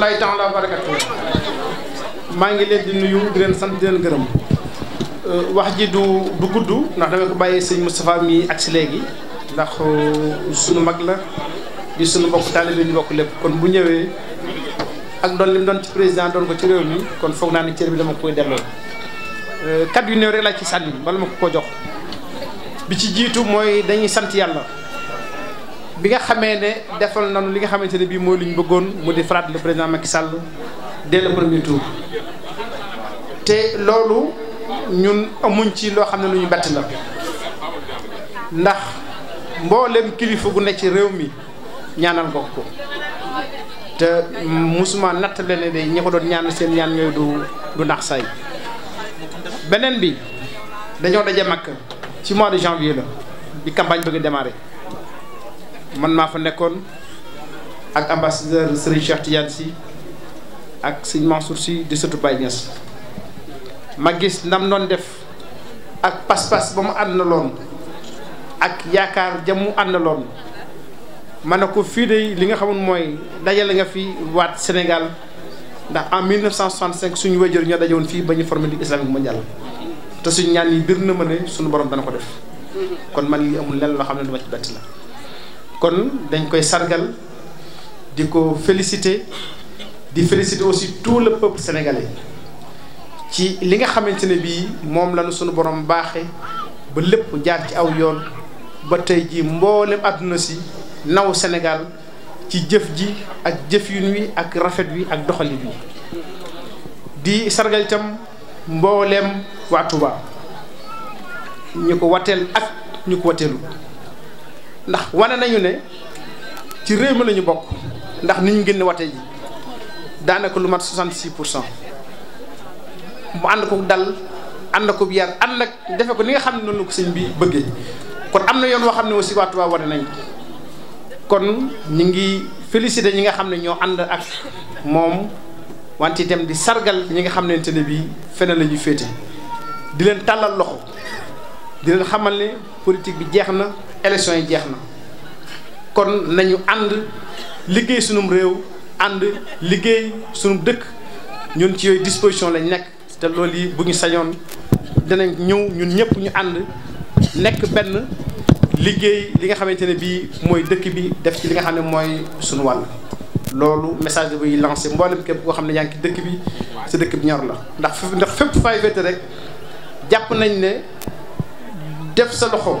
laa taala barakatu maa ngi leen di nuyu di leen sant di leen gërëm euh, wax ji du du gudd ndax dama ko bàyyi sëñ Moustapha mi ak si léegi ndax euh, sunu mag la di sunu mbokk taalibe ñu bokk lépp kon bu ñëwee ak doon lim doon ci président doon ko ci réew mi kon foog naa ne cër bi dama koy delloo euh, kat yu néew rek laa ci sànni bala ma ko ko jox bi ci jiitu mooy dañuy sant yàlla bi nga xamee ne defal nañu li nga xamante ne le président Macky Sall dès le premier tour te loolu ñun amuñ ci loo xam lu ñu bett ndax mi ñaanal ko ne ñi ko doon ñaan seen ñaan de du du nax say beneen bi dañoo daje Makka ci mois de janvier la campagne bëgg man maa fa nekkoon ak ambassadeur Serigne Cheikh si Sy ak Serigne Mansour si di sëtu Baye Niass ma gis ndam doon def ak pas-pas ba mu àndaloon ak yaakaar jam mu àndaloon ma ne ko fii de li nga xamul mooy dajale nga fi waat Sénégal ndax en 1965 suñu wéjër ñoo dajoon fii ba ñu formé Ligue islamique mondiale te suñu ñaan yi biir na ma ne suñu borom dana ko def kon man li amul lenn loo xam ne duma ci bett la kon dañ koy sargal di ko féliciter di féliciter aussi tout le peuple sénégalais ci li nga xamante ne bii moom lañu suñu borom baaxe ba lépp jaar ci aw yoon ba tey ji mboolem àdduna si naw Sénégal ci jëf ji ak jëf yu wi ak rafet wi ak doxalin wi di sargal mbooleem waa ñu ko wateel ak ñu ko wateelu ndax wane nañu ne ci réew mi la ñu bokk ndax ni ñu génne wate ji daanaka lu mat 66 pour cent mu ànd ko dal ànd ko yar ànd ak defe ko ni nga xam ne noonu ko sëñ bi bëggee kon am na yoon woo xam ne aussi waa Touba wane nañ kon ñu ngi félicité ñi nga xam ne ñoo ànd ak moom wante dem di sargal ñi nga xam ne ne bii feneen la ñuy féete di leen tàllal loxo di leen xamal ne politique bi jeex na. élection yi jeex kon nañu and liggéey sunum réew and liggéey sunum dëkk ñun ci yooyu disposition lañ nek té loolu yi bu ñu sañoon dinañ ñëw ñun ñëpp ñu and nek ben liggéey li nga xamantene bi bii mooy dëkk bi def ci li nga xam ne mooy suñu wàll loolu message bi buy lancé mboolem képp ko xam ne ngi dëkk bi sa dëkk bi ñor la ndax ndax fépp fay féete rek jàpp nañ ne def sa loxo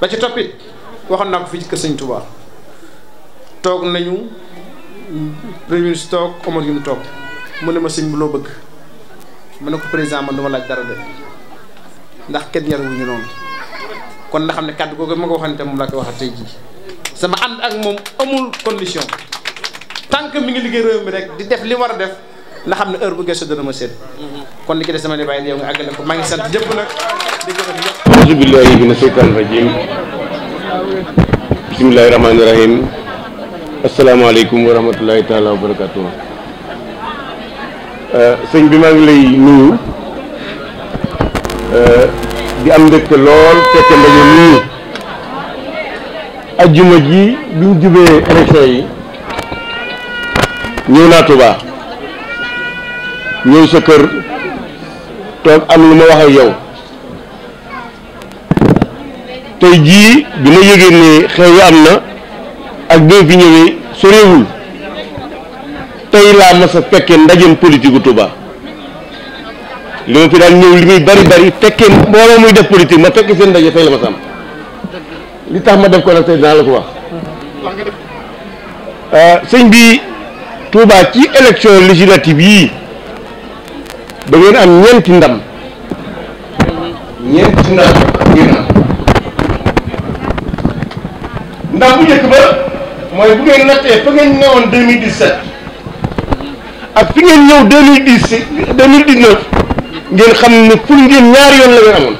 ba ci toppit waxoon naa ko fii ci kër sëñ toog nañu premier ministre toog Omar yu mu toog mu ne ma sëñ bi loo bëgg mu na ko président man duma laaj dara de ndax kenn yar ñu noonu kon na xam ne kàddu googu ma ko waxante moom laa koy waxat tey jii sama ànd ak moom amul condition tant que mi ngi liggéey réew mi rek di def li war a def na xam ne heure bu gëstu dana ma seet mm-hmm. kon li ki des sama ne bàyyi yow nga àggale ko maa ngi sant jëpp nag auzu billahi mina seytaan rajim bismillahi rahmaani rahim asalaamaaleykum wa rahmatullahi taala wa barakatuh uh, sëñ bi ma ngi lay nuyu uh, di am ndëkk lool fekke ndaje nii ajjuma ji bi ñu jubee élection yi ñëw naa Tuubaa sa kër toog am lu ma wax yow tey jii bi ma yëgee ne xew yi am na ak bi ma fi ñëwee soreewul tey laa mas a fekkee ndajem politique gu Touba li ma fi daan ñëw li muy bari bari fekkee mbooloo muy def politique ma fekkee seen ndaje tey la ma sàmm li tax ma def ko nag tey dinaa ko wax euh, sëñ bi Touba ci élection législative yii da am ñeenti ndam ndax bu njëkk ba mooy bu ngeen nattee ngeen newoon 2017 ak fi ngeen ñëw 2010 2019 ngeen xam ne pour ngeen ñaari yoon la ngeen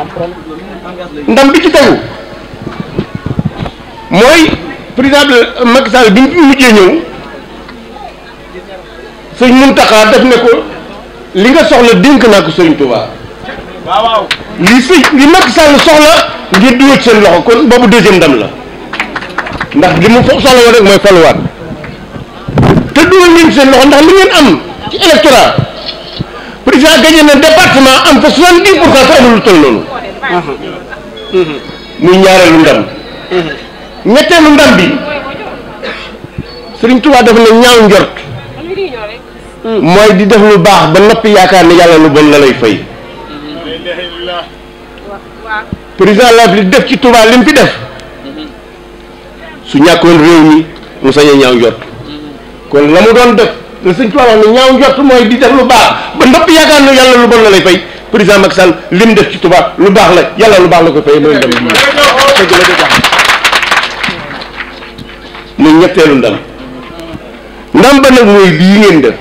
amoon loolu ndam la ndam bi ci tegu mooy président de Macky Sall bi mu mujjee ñëw sëñ Mountakha def ne ko li nga soxla dénk naa ko sëriñ Touba. li fi li Macky Sall soxla ngir duwat seen loxo kon deuxième dam la ndax li mu soxla woon rek mooy faluwaat te duwal ngeen seen loxo ndax li ngeen am ci électorat président gagné na département am fa 70 pour amul lu mm-hmm. muy ndam mm-hmm. ndam bi Serigne Touba def na ñaaw mm-hmm. di def lu baax ba noppi yaakaar ne yàlla lu bon la lay fay président la ville def ci touba lim fi def su ñakoon rew mi mu sañ ñaw ñaaw kon la mu doon def le seigne touba ni ñaw ñaaw moy di def lu baax ba ndëpp yaakaar na yalla lu bon la lay fay président mack Sall lim def ci touba lu baax la yalla lu baax la ko fay moy ndam ni ñettelu ndam ndam ba nak moy lii ngeen def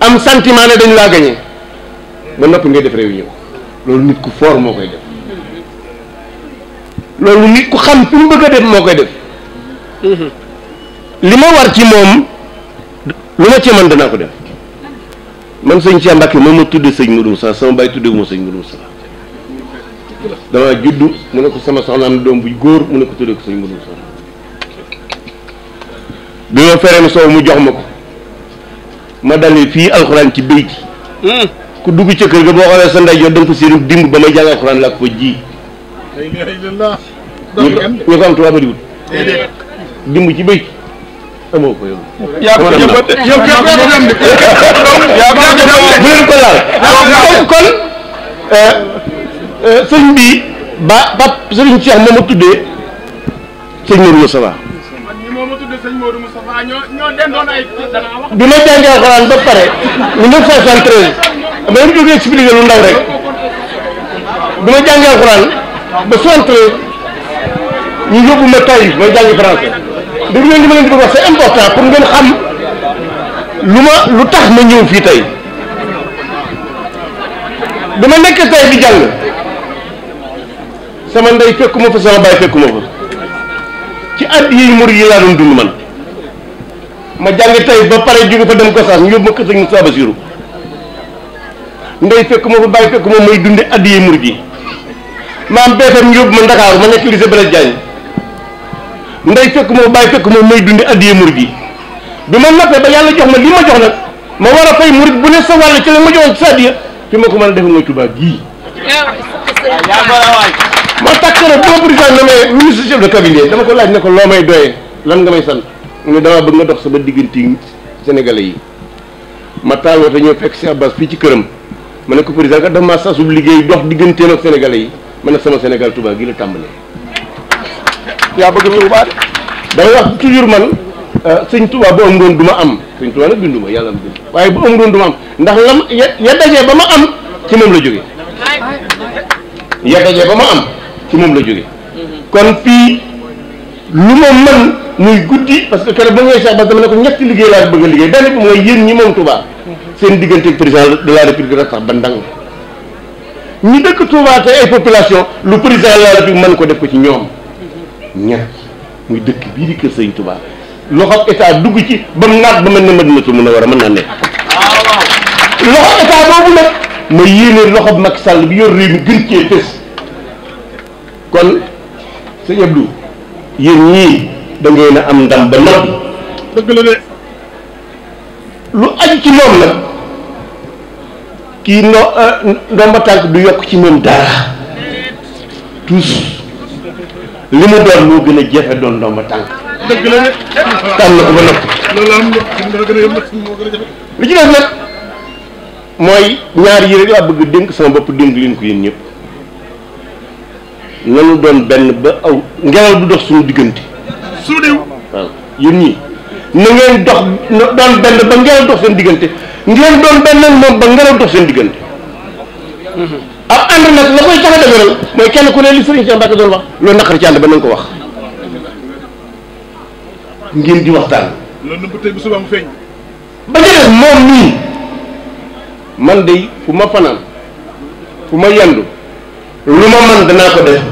am sentiment ne dañ la gagné ba noppi ngay def rew réunion loolu nit ku for moo koy def loolu nit ku xam fu mu bëgg a dem moo koy def li ma war ci moom lu ma ci man dana ko def man sëñ Cheikh Mbacke moom ma tudde sëñ Modou sa sama bay tudde moo sëñ Modou sa dama juddu mu ne ko sama soxna am na doom bu góor mu ne ko tudde ko sëñ Modou Moussa bi ma fereem soow mu jox ma ko ma dalee fii alxuraan ci béy ji ku dugg ca kër ga boo xoolee sa ndeyjoor da nga ko séenu dimb ba may jàng alxuraan laa ko fa ji. ñu ko am tubaab di wut. dimb ci béy. amoo ko yow. yaa ko jëmbatee yow kenn ko jëmbatee. yaa ko jëmbatee bu leen ko laal. kon eh, eh, sëñ bi ba ba sëriñ Cheikh moom a tuddee sëñ Modou Moustapha. bi ma jàngee alxuraan ba pare 1973. dama leen bëgg expliquer lu ndaw rek bi ma jàngee alxuraan ñu yóbbu ma Taïf may jàngi français dégg ngeen li ma leen important pour ngeen xam lu tax ma ñëw fii tey dama nekk tey di jàng sama ndey fekkuma fa sama baay fekkuma fa ci at yi mur yi laa doon dund man ma jàngi tey ba pare jóge fa dem Gossas ñu yóbbu ma kër Sëñ Moussa Bassirou ndey fekk mo fa bay fekk mo may dundé addiye mur gi maam beefam ñub ma dakar ma nek lycée Blaise Diagne ndey fekk mo bay fekk mo may dundé addiye mur gi bi ma noppee ba yalla jox ma li ma jox nak ma wara fay murid bu ne sa wal ci la ma joxoon sadiya fi ma ko mën a defee mooy tubaab gii ma takk na président ministre chef de cabinet dama ko laaj ne ko lo may doye lan nga may sant ñu dama bëgg nga dox ba digënti sénégalais yi ma taaloo te fekk cheikh Abbas fi ci kërëm mané ko président kat dama sasub liggéey dox digënté nak sénégalais yi mané sama sénégal touba gi la tambalé ya bëgg ñu de da wax toujours man euh, sëñ touba bo am doon duma am sëñ touba la binduma yalla am bind waye bu am doon duma am ndax lam ya, ya dajé ba ma am ci mom la joggé ya dajé ba ma am ci mom la joggé kon fi lu mo man muy guddii parce que keroog ba ngay seex ba dama ne ko ñetti liggéey la bëgg a liggéey benn bi moy yeen ñi mom touba seen digënté président de la république da sax ba ndang ñi dëkk Touba té ay population lu président de la république mën ko def ko ci ñoom ña muy dëkk bi di kër seigne Touba xam état dugg ci ba naat ba mëna mëna madinatul mëna wara mëna a Lo xam état bobu nak ma yéene xam mak Sall bi yor réew gën ci fës kon seigne Abdou yeen ñi da ngeen am ndam ba la de lu aji ci lool nag ki no eh, ndomba tank du yok ci mom dara tous limu do lo gëna gën do ndomba tank dëgg la nag tànn ko ba noppi loolu am moo gën a yomb moo gën li ci def nak moy ñaar yi rek laa bëgg dénk sama dénk ko ñëpp doon benn ba aw ngeewal du dox suñu digënté suñu dew waaw na ngeen dox doon benn ba ngeewal dox suñu digënté ngeen doon benn ak moom ba ngelaw dox seen diggante mhm. ab ànd nag la koy tax dëgëral mooy kenn ku ne li sëriñ doon wax loolu naqar ci ànd ba nañ ko wax ngeen di waxtaan loolu nëbb tey bu suba mu feeñ ba ca def moom nii man de fu ma fanaan fu ma yendu lu ma man danaa ko def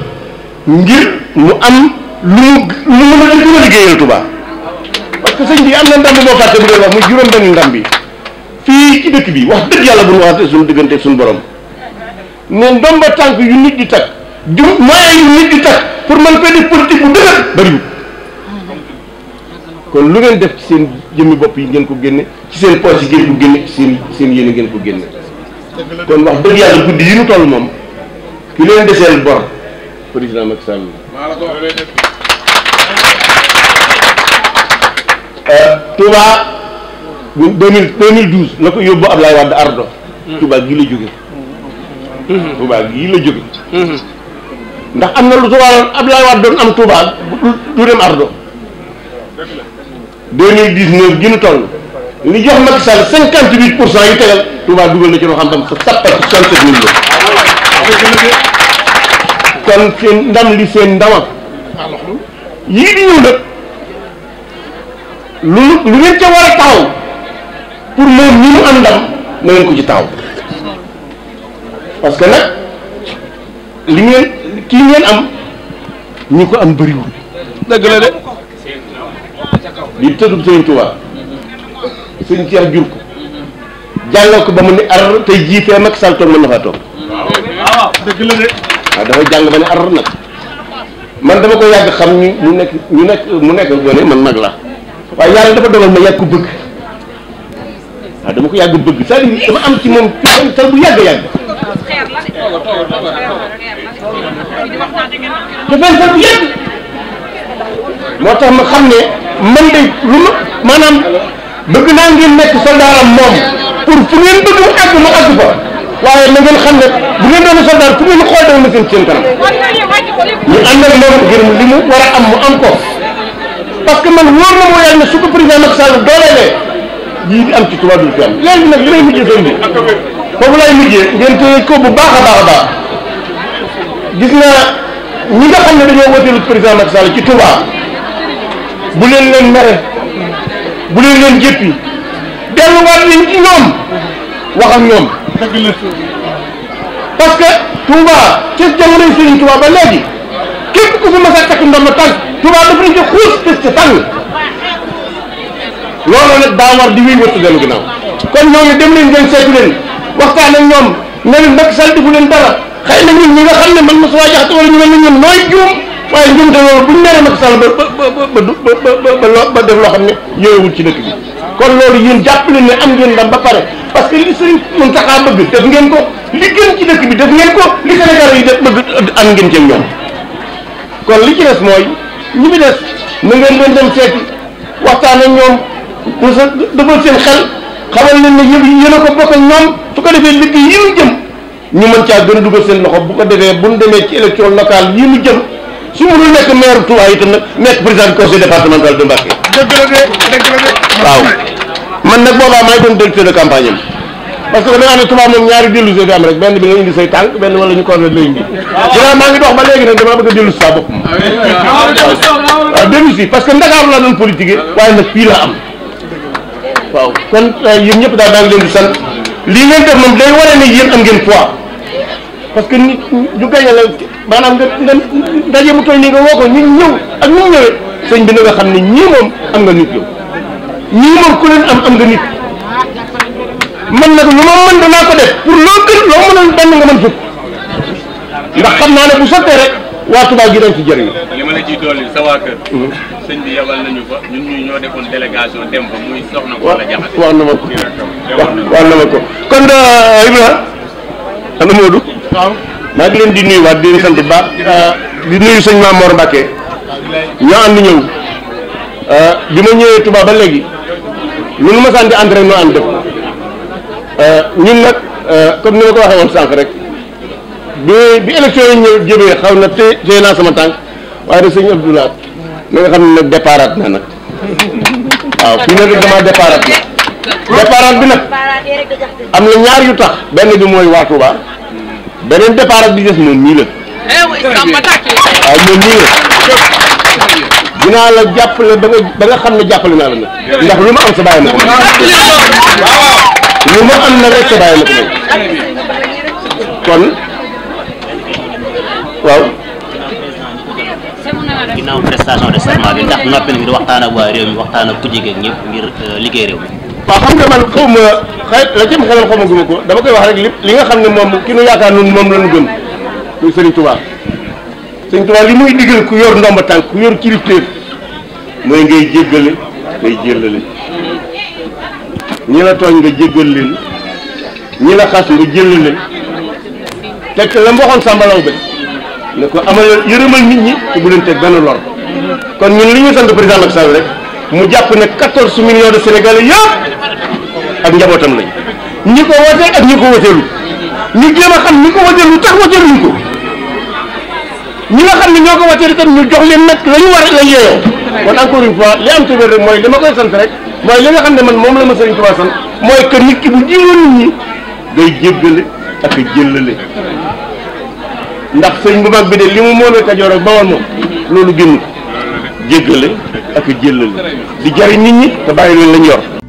ngir mu am lu mu lu mu mën a liggéeyal parce que sëñ bi am na ndam boo bu doon wax muy juróom benn ndam bi fii ci dëkk bi wax dëgg yàlla bu ñu waxante suñu diggante suñu borom ne ndomba tànk yu nit di takk ju moyen yu nit di takk pour man fee def politique bu dëgër bëriwul kon lu ngeen def ci seen jëmmi bopp yi ngeen ko génne ci seen poche yi ngeen ko génne ci seen seen yéene ngeen ko génne kon wax dëgg yàlla guddi yi ñu toll moom ki leen deseel bor président Macky Sall euh, Touba ñun deux mille deux mille douze la ko yóbbu Ablaye Wade ardo hmm. Touba gii la jóge hmm. hmm. ndax am na lu tubaab Ablaye Wade doon am Touba du dem ardo deux mille dix neuf li jox Macky Sall cinquante huit pour cent yu tegal Touba dugal na ci loo xam tam sa sappa soixante-sept millions kon seen ndam li seen ndama yii di ñëw nag lu lu ngeen ca war a taxaw pour moom ñi mu am ndam na ngeen ko ci taxaw parce que nag li ngeen kii ngeen am ñi ko am bëriwul. dëgg la de. li tëddub Sëriñ Tuubaa sëñ Cheikh jur ko jàngal ko ba mu ne ar tey jii fee mag sal toog na faa toog dëgg la de waaw dafa jàng ba ne ar nag man dama ko yàgg xam ñu mu nekk ñu nekk mu nekk gone man mag la waaye yàlla dafa dogal ma yàgg ko bëgg waaw ah, dama ko yàgg bëgg c'est-à-dire am ci moom cofeel bu yàgg yàgg cofeel sax bu yàgg moo tax ma xam ne man de lu ma maanaam bëgg naa ngeen nekk soldaaram moom pour fu ngeen bëgg mu àgg mu àgg fa waaye na ngeen xam ne bu ngeen doon soldaar fu ngeen xool dama seen seen kanam ñu ànd ak moom ngir li mu war a am mu am ko parce que man wóor na moo yàlla ne su ko président Macky yii am ci Touba bi ko am léegi nag li may mujjee sëñ bi foofu lay mujjee ngeen tëye ko bu baax a ba a baax gis na ñi nga xam ne dañoo woteelu président Macky Sall ci Touba bu leen leen mere bu leen leen jéppi delluwaat leen ci ñoom wax ak ñoom parce que Touba ci jamonoy Serigne Touba ba léegi képp ku fi mas a takk ndomba tànk Touba dafa nañ ci xuus tës ci loolu nag daa war di wéy wëttu dellu ginnaaw kon ñooñu dem leen ngeen seetu leen waxtaan ak ñoom ne leen Macky Sall defu leen dara xëy na ñun ñi nga xam ne man Moussa Diakhaté wala ñu mel ni ñun nooy juum waaye njuumte ba ba ba ba def loo xam ne yowewul ci dëkk bi kon loolu yéen jàpp leen am ngeen ndam ba pare parce que li sëriñ Mountakha bëgg def ngeen ko li gën ci dëkk bi def ngeen ko li Sénégal yi def bëgg am ngeen ci ñoom kon li ci des mooy ñi des na ngeen leen dem seeti waxtaan ak ñoom dafa dafa seen xel xamal leen ne yéen a ko bokk seen loxo bu ko defee bu ñu demee la de dëgg la de. waaw man nag boobaa may de campagne am parce que danga xam ne Touba moom ñaari dellu si fi am rek benn bi nga indi say tànk benn wala ñu cornet lay indi. waaw maa ngi dox ba léegi nag dama bëgg a dellu si saa bopp. waaw ah ah, dellu si parce que Ndakaaru laa doon politique waaye nag fii am. waaw kon euh, yéen ñëpp daal daa ngi leen di sant lii ngeen def moom day wane ni yéen am ngeen poids parce que nit ñu gañe la maanaam nga nga ndaje mu toll nii nga woo ko ñu ñëw ak ñu ñëwee sëñ bi na nga xam ne ñii moom am nga nit yow ñii moom ku leen am am nga nit man nag lu ma mën danaa ko def pour loo gën loo mënoon benn nga mën fukk ndax xam naa ne bu sottee rek. waa Touba gi dañ ci jëriñu. li ma la ciy dolli sa waa kër. sëñ bi yabal nañu fa ñun ñu ñoo defoon délégation ko la jaxate. wax na ma ko wax na ma ko kon euh, Ibrahima ana Modou. waaw maa leen di nuyuwaat di leen sant baax euh, di nuyu sëñ Maam Mor Mbacke ñoo ànd ñëw euh, bi ma ñëwee Touba ba léegi ñun ma sànni entraînement am def ñun nag comme ni ma ko waxee woon sànq rek. bi bi élection xaw na te téye naa sama tànk waaye nag sëñ Abdoulaye na nga xam ne nag déparat na nag waaw fi nag damaa déparat na déparat bi nag am na ñaar yu tax benn bi mooy waa Touba beneen déparat bi des moom nii la eh waaw moom nii dinaa la jàppale ba nga xam ne jàppale naa la nag ndax lu ma am sa bàyyi ma ko lu ma am na rek sa bàyyi ma ko kon waaw. ginnaaw prestation de serment bi ndax noppi nañu waxtaan ak waa réew mi waxtaan ak ku gi ñëpp ngir euh, liggéey réew mi. waaw xam nga man xaw ma la ci xelal xaw guma ko dama koy wax rek li li nga xam ne moom ki nu yaakaar noonu moom la ñu gëm muy Serigne Touba Serigne li muy digal ku yor ndomba tànk ku yor kilifteef mooy ngay jéggale ngay jéllale ñi la tooñ nga jéggal leen ñi la xas nga jëllale te la mu waxoon sàmbalaw bi ne ko amal yërëmal nit ñi te bu leen teg benn lor kon ñun li ñuy sant président Macky Sall rek mu jàpp ne 14 millions de sénégalais yëpp ak njabootam lañ ni ko wote ak ñi ko woteelu ñu jéem a xam ñi ko woteelu tax woteeluñ ko ñu nga xam ne ñoo ko woteelu tam ñu jox leen nag la ñu war lañ yeeyoo kon encore une li am mooy li ma koy sant rek mooy li nga xam ne man moom la ma Sëriñ Tuubaa sant mooy que nit ki bu jiwoon nit ñi day jéggale ak jëllale ndax sëñ bu mag bi de li mu moomee Kajoor ak Bawol moom loolu génn ko jéggale ak jëllale di jariñ nit ñi te bàyyi leen lañ yor